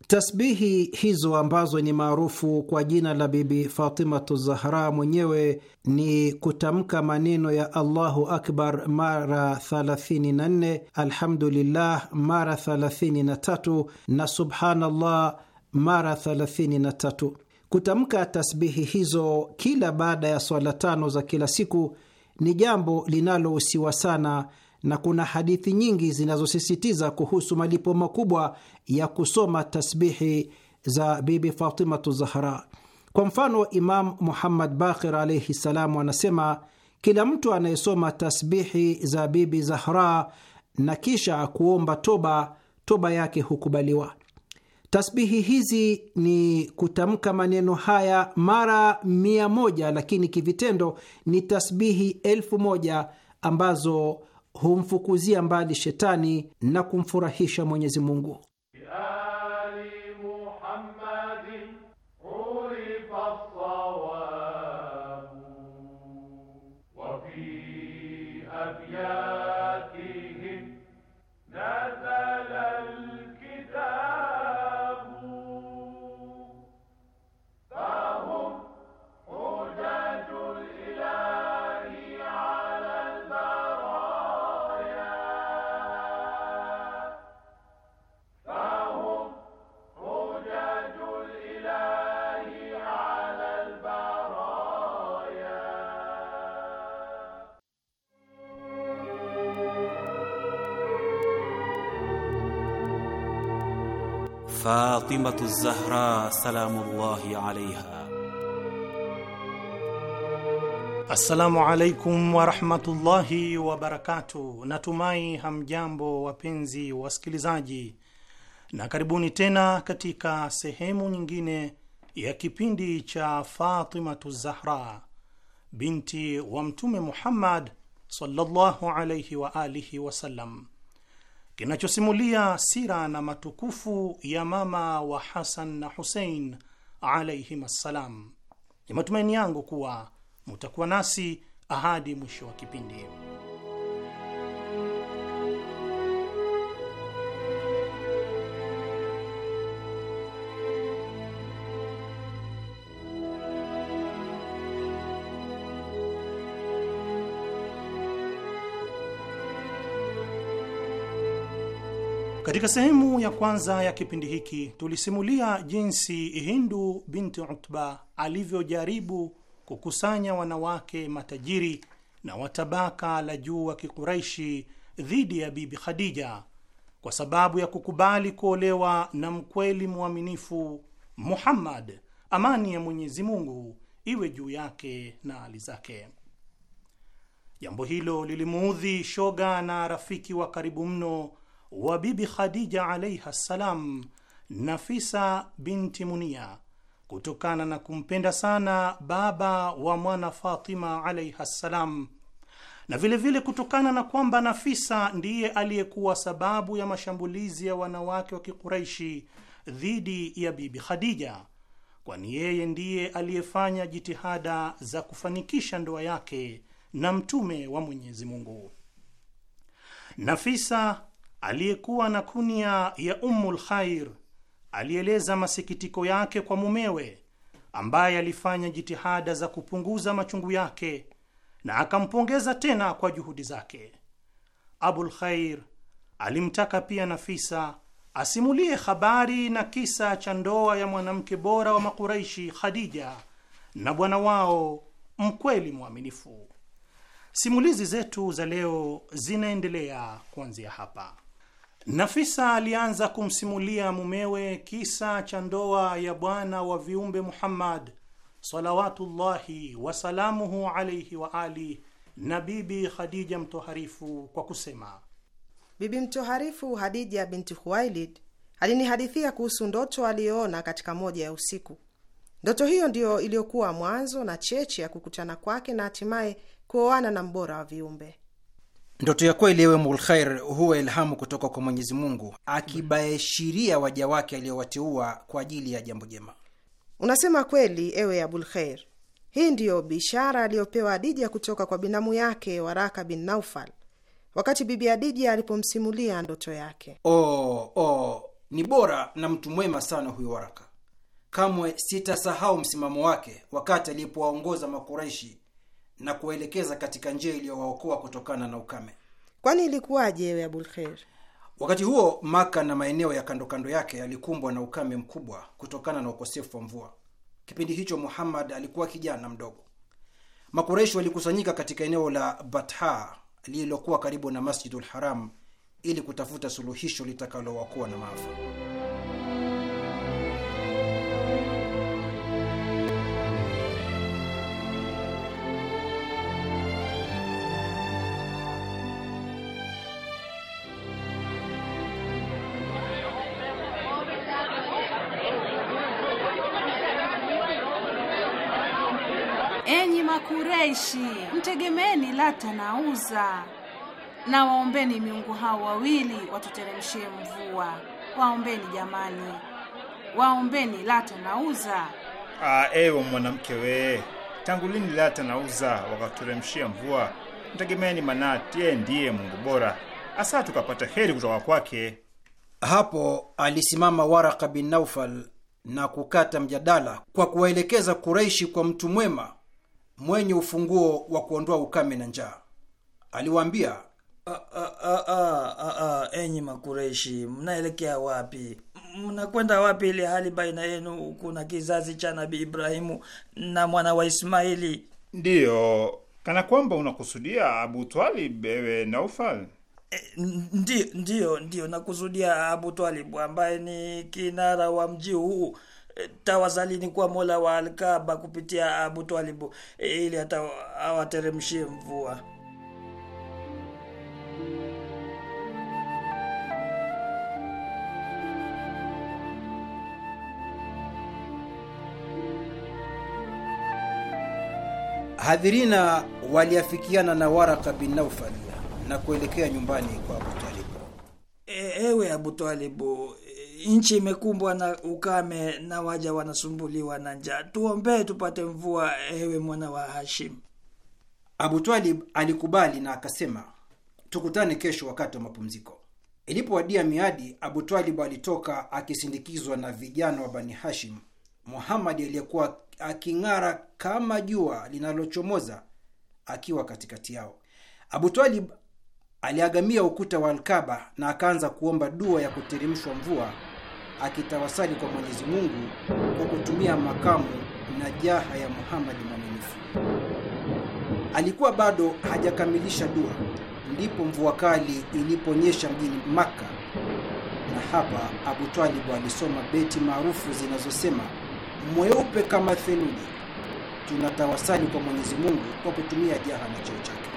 Tasbihi hizo ambazo ni maarufu kwa jina la Bibi Fatimatu Zahra mwenyewe ni kutamka maneno ya Allahu akbar mara 34, alhamdulillah mara 33 na subhanallah mara 33. Kutamka tasbihi hizo kila baada ya swala tano za kila siku ni jambo linalohusiwa sana na kuna hadithi nyingi zinazosisitiza kuhusu malipo makubwa ya kusoma tasbihi za Bibi Fatimatu Zahra. Kwa mfano, Imam Muhammad Bakir alaihi salamu anasema kila mtu anayesoma tasbihi za Bibi Zahra na kisha kuomba toba, toba yake hukubaliwa. Tasbihi hizi ni kutamka maneno haya mara mia moja, lakini kivitendo ni tasbihi elfu moja ambazo humfukuzia mbali shetani na kumfurahisha Mwenyezi Mungu. فاطمة الزهراء سلام الله عليها Assalamu alaikum warahmatullahi wabarakatuh. Natumai hamjambo wapenzi wasikilizaji, na karibuni tena katika sehemu nyingine ya kipindi cha Fatimatu Zahra binti wa Mtume Muhammad sallallahu alaihi wa alihi wasallam kinachosimulia sira na matukufu ya mama wa Hasan na Husein alaihim assalam. Ni matumaini yangu kuwa mutakuwa nasi ahadi mwisho wa kipindi. Katika sehemu ya kwanza ya kipindi hiki tulisimulia jinsi Hindu binti Utba alivyojaribu kukusanya wanawake matajiri na watabaka la juu wa Kikuraishi dhidi ya Bibi Khadija kwa sababu ya kukubali kuolewa na mkweli mwaminifu Muhammad, amani ya Mwenyezi Mungu iwe juu yake na hali zake. Jambo hilo lilimuudhi shoga na rafiki wa karibu mno wa Bibi Khadija alaiha ssalam Nafisa binti Munia kutokana na kumpenda sana baba wa mwana Fatima alaiha ssalam, na vilevile vile kutokana na kwamba Nafisa ndiye aliyekuwa sababu ya mashambulizi ya wanawake wa Kikuraishi dhidi ya Bibi Khadija, kwani yeye ndiye aliyefanya jitihada za kufanikisha ndoa yake na Mtume wa Mwenyezi Mungu. Nafisa aliyekuwa na kunia ya Ummul Khair alieleza masikitiko yake kwa mumewe ambaye alifanya jitihada za kupunguza machungu yake na akampongeza tena kwa juhudi zake. Abul Khair alimtaka pia Nafisa asimulie habari na kisa cha ndoa ya mwanamke bora wa Makuraishi, Khadija, na bwana wao mkweli mwaminifu. Simulizi zetu za leo zinaendelea kuanzia hapa. Nafisa alianza kumsimulia mumewe kisa cha ndoa ya bwana wa viumbe Muhammad salawatullahi wasalamuhu alaihi wa ali na bibi Khadija mtoharifu kwa kusema, bibi mtoharifu Hadija binti Khuwailid alinihadithia kuhusu ndoto aliyoona katika moja ya usiku. Ndoto hiyo ndiyo iliyokuwa mwanzo na cheche ya kukutana kwake na hatimaye kuoana na mbora wa viumbe. Ndoto ya kweli ewe Mulkhair huwa ilhamu kutoka kwa Mwenyezi Mungu akibaeshiria waja wake aliyowateua kwa ajili ya jambo jema. Unasema kweli, ewe abul Khair, Hii ndiyo bishara aliyopewa Adija kutoka kwa binamu yake Waraka bin Naufal wakati bibi Adija alipomsimulia ndoto yake. Oh, oh, ni bora na mtu mwema sana huyu Waraka. Kamwe sitasahau msimamo wake wakati alipowaongoza Makuraishi na kuwaelekeza katika njia iliyowaokoa kutokana na ukame. Kwani ilikuwaje, ewe Abul Kheir? Wakati huo Maka na maeneo ya kando kando yake yalikumbwa na ukame mkubwa kutokana na ukosefu wa mvua. Kipindi hicho Muhammad alikuwa kijana mdogo. Makureishi walikusanyika katika eneo la Batha lililokuwa karibu na Masjidul Haram ili kutafuta suluhisho litakalowakuwa na maafa. nchi, mtegemeeni Lata na Uza, na waombeni miungu hao wawili watuteremshie mvua. Waombeni jamani, waombeni Lata na Uza. Ah, ewe mwanamke wee, tangu lini Lata na Uza mvua? Mtegemeeni Manati, yeye ndiye Mungu bora, asa tukapata heri kutoka kwake. Hapo alisimama Waraka bin Naufal na kukata mjadala kwa kuwaelekeza Kuraishi kwa mtu mwema mwenye ufunguo wa kuondoa ukame na njaa. Aliwaambia, enyi Makureshi, mnaelekea wapi? Mnakwenda wapi, ili hali baina yenu kuna kizazi cha Nabii Ibrahimu na mwana wa Ismaili? Ndiyo, kana kwamba unakusudia Abu Twalib, ewe Naufal? E, ndiyo, ndiyo, ndiyo, nakusudia Abu Twalib ambaye ni kinara wa mji huu tawazalini kwa mola wa alkaba kupitia abutwalibu e, ili hata awateremshie mvua Hadhirina waliafikiana na Waraka bin Naufal na kuelekea nyumbani kwa Abutalibu. E, ewe Abutalibu, nchi imekumbwa na ukame na waja wanasumbuliwa na njaa. Tuombee tupate mvua, ewe mwana wa Hashim. Abu Twalib alikubali na akasema, tukutane kesho wakati wa mapumziko. Ilipowadia miadi, Abu Twalib alitoka akisindikizwa na vijana wa Bani Hashim. Muhamadi aliyekuwa aking'ara kama jua linalochomoza akiwa katikati yao. Abu Twalib aliagamia ukuta wa Alkaba na akaanza kuomba dua ya kuteremshwa mvua akitawasali kwa Mwenyezi Mungu kwa kutumia makamu na jaha ya Muhammad mwaminifu. Alikuwa bado hajakamilisha dua ndipo mvua kali iliponyesha mjini Makka, na hapa Abu Talibu alisoma beti maarufu zinazosema: mweupe kama theluji, tunatawasali kwa Mwenyezi Mungu kwa kutumia jaha na cheo chake.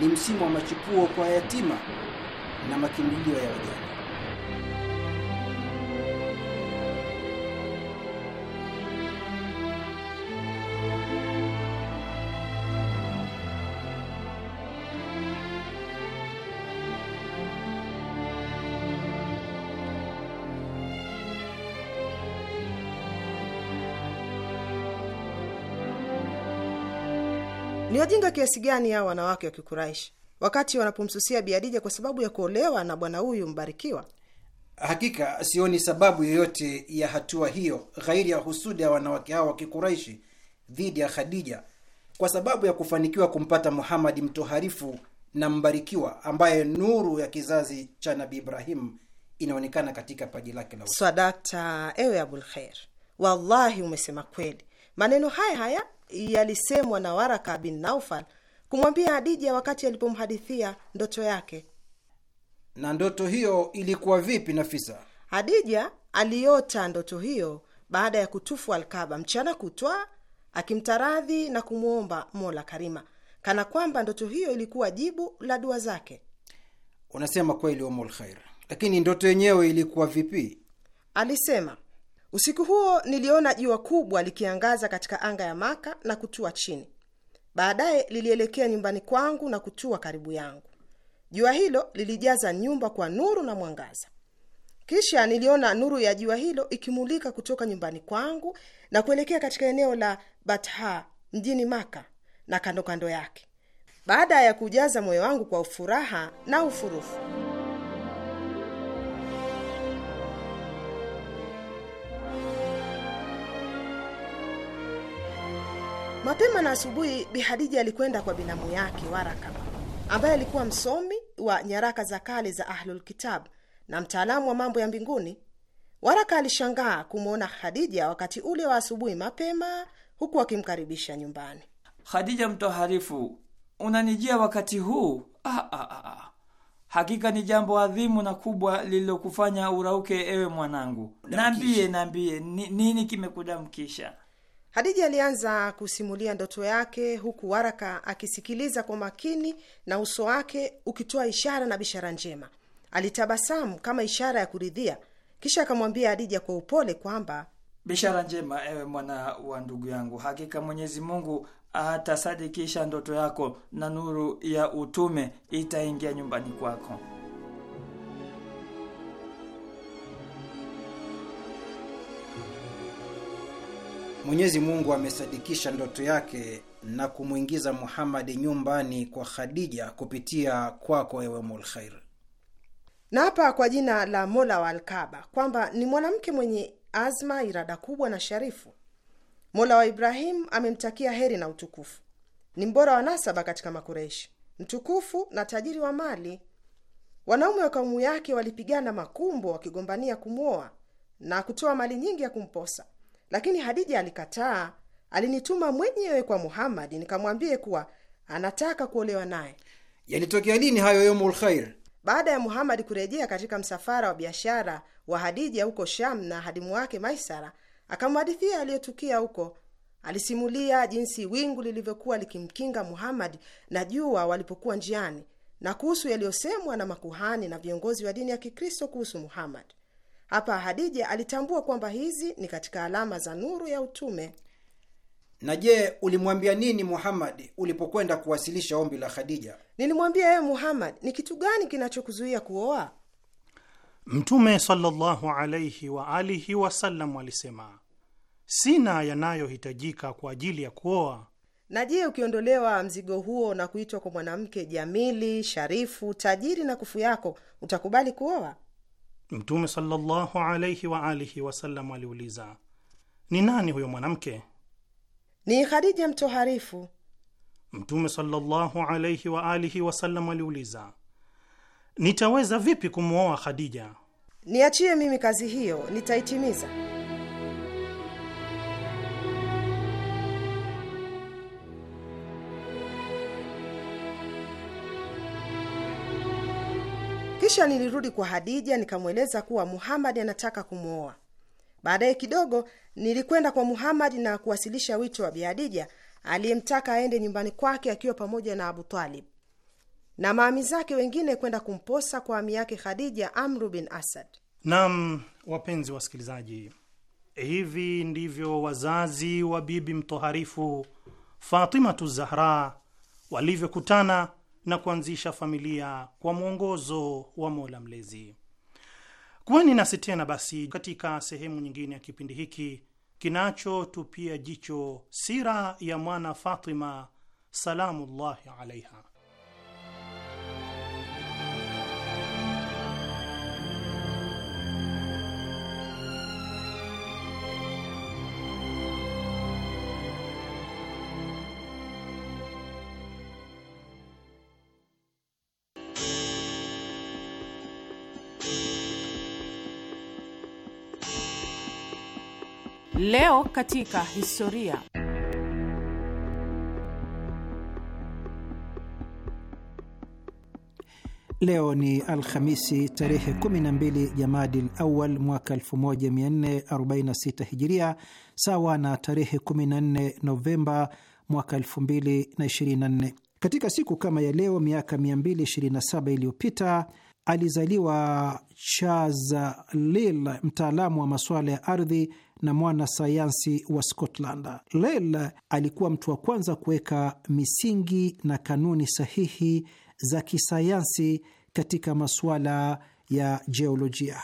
Ni msimu wa machipuo kwa yatima na makimbilio ya wajane. wajinga kiasi gani hao wanawake wa Kikuraishi wakati wanapomsusia Biadija kwa sababu ya kuolewa na bwana huyu mbarikiwa. Hakika sioni sababu yoyote ya hatua hiyo ghairi ya husuda ya wanawake hao wa Kikuraishi dhidi ya Khadija kwa sababu ya kufanikiwa kumpata Muhamadi mtoharifu na mbarikiwa ambaye nuru ya kizazi cha Nabi Ibrahimu inaonekana katika paji lake la Swadakta, ewe Abulkheir, wallahi umesema kweli. Maneno haya haya yalisemwa na Waraka bin Naufal kumwambia Hadija wakati alipomhadithia ndoto yake. Na ndoto hiyo ilikuwa vipi, Nafisa? Hadija aliota ndoto hiyo baada ya kutufu Alkaba mchana kutwa akimtaradhi na kumwomba Mola Karima, kana kwamba ndoto hiyo ilikuwa jibu la dua zake. Unasema kweli, Umulkhair, lakini ndoto yenyewe ilikuwa vipi? Alisema, Usiku huo niliona jua kubwa likiangaza katika anga ya Maka na kutua chini. Baadaye lilielekea nyumbani kwangu na kutua karibu yangu. Jua hilo lilijaza nyumba kwa nuru na mwangaza. Kisha niliona nuru ya jua hilo ikimulika kutoka nyumbani kwangu na kuelekea katika eneo la Batha mjini Maka na kandokando yake, baada ya kujaza moyo wangu kwa furaha na ufurufu. Mapema na asubuhi, Bi Hadija alikwenda kwa binamu yake Waraka, ambaye alikuwa msomi wa nyaraka za kale za Ahlul Kitab na mtaalamu wa mambo ya mbinguni. Waraka alishangaa kumwona Hadija wakati ule wa asubuhi mapema, huku akimkaribisha nyumbani. Hadija mtoharifu, unanijia wakati huu? Ah, ah, ah. ah. Hakika ni jambo adhimu na kubwa lililokufanya urauke, ewe mwanangu. Naambie, naambie nini kimekudamkisha? Hadija alianza kusimulia ndoto yake huku Waraka akisikiliza kwa makini na uso wake ukitoa ishara na bishara njema. Alitabasamu kama ishara ya kuridhia, kisha akamwambia Hadija kwa upole kwamba bishara njema, ewe mwana wa ndugu yangu, hakika Mwenyezi Mungu atasadikisha ndoto yako na nuru ya utume itaingia nyumbani kwako. Mwenyezi Mungu amesadikisha ndoto yake na kumwingiza Muhamadi nyumbani kwa Khadija kupitia kwako wewe Mulkhair. hapa kwa jina la Mola wa Alkaba kwamba ni mwanamke mwenye azma, irada kubwa na sharifu. Mola wa Ibrahimu amemtakia heri na utukufu. Ni mbora wa nasaba katika Makureishi, mtukufu na tajiri wa mali. Wanaume wa kaumu yake walipigana makumbo wakigombania kumwoa na kutoa mali nyingi ya kumposa lakini Hadija alikataa. Alinituma mwenyewe kwa muhammadi nikamwambie kuwa anataka kuolewa naye. Yalitokea lini hayo Yaumul Khair? Baada ya muhammadi kurejea katika msafara wa biashara wa Hadija huko Sham, na hadimu wake Maisara akamhadithia aliyotukia huko. Alisimulia jinsi wingu lilivyokuwa likimkinga muhammadi na jua walipokuwa njiani, na kuhusu yaliyosemwa na makuhani na viongozi wa dini ya Kikristo kuhusu Muhammad. Hapa Hadija alitambua kwamba hizi ni katika alama za nuru ya utume. Na je, ulimwambia nini Muhammad ulipokwenda kuwasilisha ombi la Khadija? Nilimwambia ewe Muhammad, ni kitu gani kinachokuzuia kuoa? Mtume sallallahu wa alihi wasallam alisema, sina yanayohitajika kwa ajili ya kuoa. Na je, ukiondolewa mzigo huo na kuitwa kwa mwanamke jamili, sharifu, tajiri na kufu yako, utakubali kuoa? Mtume sallallahu alayhi wa alihi wasallam aliuliza, ni nani huyo mwanamke? Ni Khadija mtoharifu. Mtume sallallahu alayhi wa alihi wasallam aliuliza, nitaweza vipi kumwoa Khadija? Niachie mimi kazi hiyo, nitaitimiza. Kisha nilirudi kwa Hadija nikamweleza kuwa Muhamadi anataka kumwoa. Baadaye kidogo nilikwenda kwa Muhamadi na kuwasilisha wito wa Bi Hadija aliyemtaka aende nyumbani kwake akiwa pamoja na Abu Talib na maami zake wengine kwenda kumposa kwa ami yake Khadija, Amru bin Asad. Naam, wapenzi wasikilizaji, hivi ndivyo wazazi wa bibi mtoharifu Fatimatu Zahra walivyokutana na kuanzisha familia kwa mwongozo wa Mola Mlezi. Kuweni nasi tena basi katika sehemu nyingine ya kipindi hiki kinachotupia jicho sira ya mwana Fatima salamullahi alaiha. Leo katika historia. Leo ni Alhamisi tarehe 12 Jamadil Awal mwaka 1446 Hijiria, sawa na tarehe 14 Novemba mwaka 2024. Katika siku kama ya leo miaka 227 iliyopita alizaliwa Shazalil, mtaalamu wa masuala ya ardhi na mwanasayansi wa Scotland. Lel alikuwa mtu wa kwanza kuweka misingi na kanuni sahihi za kisayansi katika masuala ya jeolojia.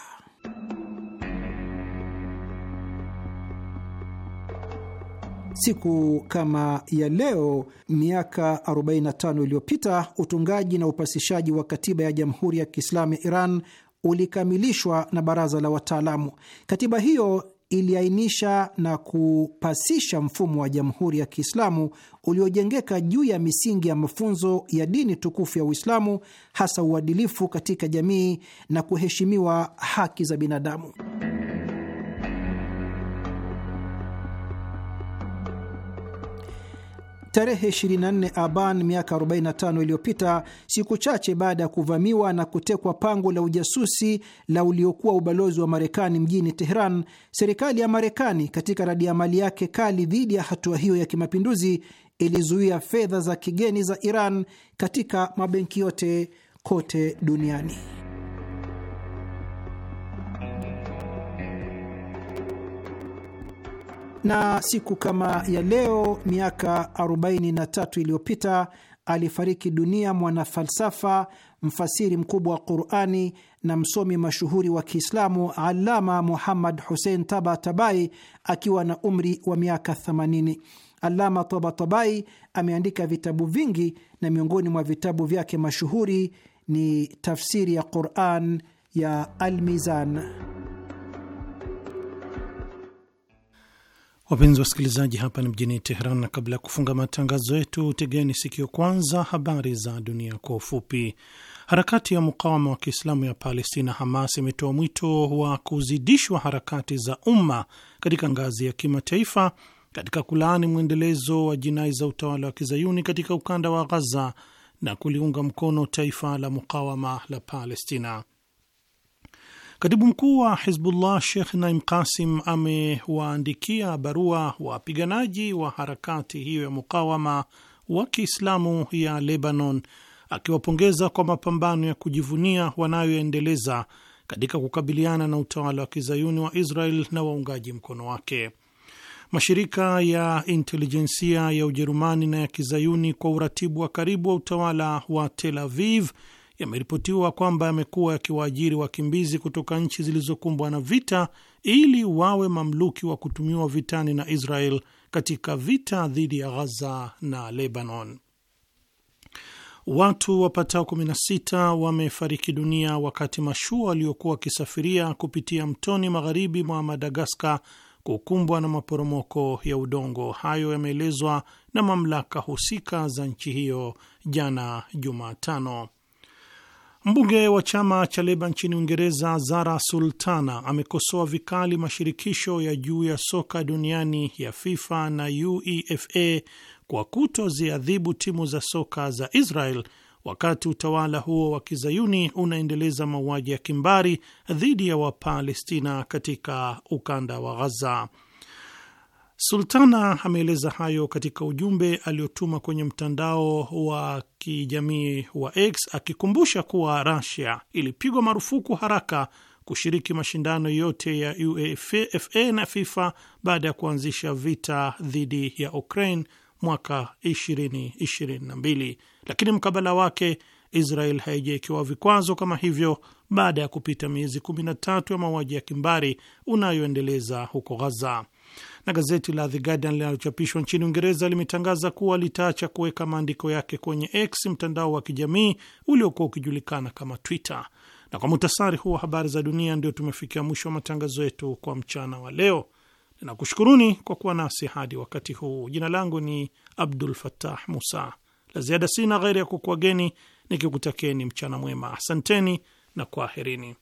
Siku kama ya leo miaka 45 iliyopita utungaji na upasishaji wa katiba ya Jamhuri ya Kiislamu ya Iran ulikamilishwa na baraza la wataalamu. Katiba hiyo iliainisha na kupasisha mfumo wa Jamhuri ya Kiislamu uliojengeka juu ya misingi ya mafunzo ya dini tukufu ya Uislamu, hasa uadilifu katika jamii na kuheshimiwa haki za binadamu. Tarehe 24 Aban miaka 45 iliyopita, siku chache baada ya kuvamiwa na kutekwa pango la ujasusi la uliokuwa ubalozi wa Marekani mjini Teheran, serikali ya Marekani katika radiamali yake kali dhidi ya hatua hiyo ya kimapinduzi ilizuia fedha za kigeni za Iran katika mabenki yote kote duniani. na siku kama ya leo miaka 43 iliyopita alifariki dunia mwanafalsafa, mfasiri mkubwa wa Qurani na msomi mashuhuri wa Kiislamu alama Muhammad Hussein Tabatabai akiwa na umri wa miaka 80. alama Tabatabai ameandika vitabu vingi na miongoni mwa vitabu vyake mashuhuri ni tafsiri ya Quran ya Almizan. Wapenzi wasikilizaji, hapa ni mjini Teheran, na kabla ya kufunga matangazo yetu, tegeni sikio kwanza habari za dunia kwa ufupi. Harakati ya mukawama wa Kiislamu ya Palestina, Hamas, imetoa mwito wa kuzidishwa harakati za umma katika ngazi ya kimataifa katika kulaani mwendelezo wa jinai za utawala wa kizayuni katika ukanda wa Ghaza na kuliunga mkono taifa la mukawama la Palestina. Katibu mkuu wa Hizbullah Shekh Naim Kasim amewaandikia barua wapiganaji wa harakati hiyo ya mukawama wa Kiislamu ya Lebanon akiwapongeza kwa mapambano ya kujivunia wanayoendeleza katika kukabiliana na utawala wa kizayuni wa Israel na waungaji mkono wake. Mashirika ya intelijensia ya Ujerumani na ya kizayuni kwa uratibu wa karibu wa utawala wa Tel Aviv yameripotiwa kwamba yamekuwa yakiwaajiri wakimbizi kutoka nchi zilizokumbwa na vita ili wawe mamluki wa kutumiwa vitani na Israel katika vita dhidi ya Ghaza na Lebanon. Watu wapatao 16 wamefariki dunia wakati mashua waliokuwa wakisafiria kupitia mtoni magharibi mwa Madagaskar kukumbwa na maporomoko ya udongo. Hayo yameelezwa na mamlaka husika za nchi hiyo jana Jumatano. Mbunge wa chama cha Leba nchini Uingereza, Zara Sultana, amekosoa vikali mashirikisho ya juu ya soka duniani ya FIFA na UEFA kwa kutoziadhibu timu za soka za Israel wakati utawala huo wa kizayuni unaendeleza mauaji ya kimbari dhidi ya Wapalestina katika ukanda wa Ghaza. Sultana ameeleza hayo katika ujumbe aliotuma kwenye mtandao wa kijamii wa X akikumbusha kuwa Russia ilipigwa marufuku haraka kushiriki mashindano yote ya UEFA na FIFA baada ya kuanzisha vita dhidi ya Ukraine mwaka 2022, lakini mkabala wake Israel haijawekewa vikwazo kama hivyo baada ya kupita miezi 13 ya mauaji ya kimbari unayoendeleza huko Ghaza. Na gazeti la The Guardian linalochapishwa nchini Uingereza limetangaza kuwa litaacha kuweka maandiko yake kwenye X, mtandao wa kijamii uliokuwa ukijulikana kama Twitter. Na kwa muhtasari huu wa habari za dunia, ndio tumefikia mwisho wa matangazo yetu kwa mchana wa leo. Ninakushukuruni kwa kuwa nasi hadi wakati huu. Jina langu ni Abdul fatah Musa. La ziada sina, ghairi ya kukuageni nikikutakeni mchana mwema. Asanteni na kwaherini.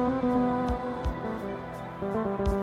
Música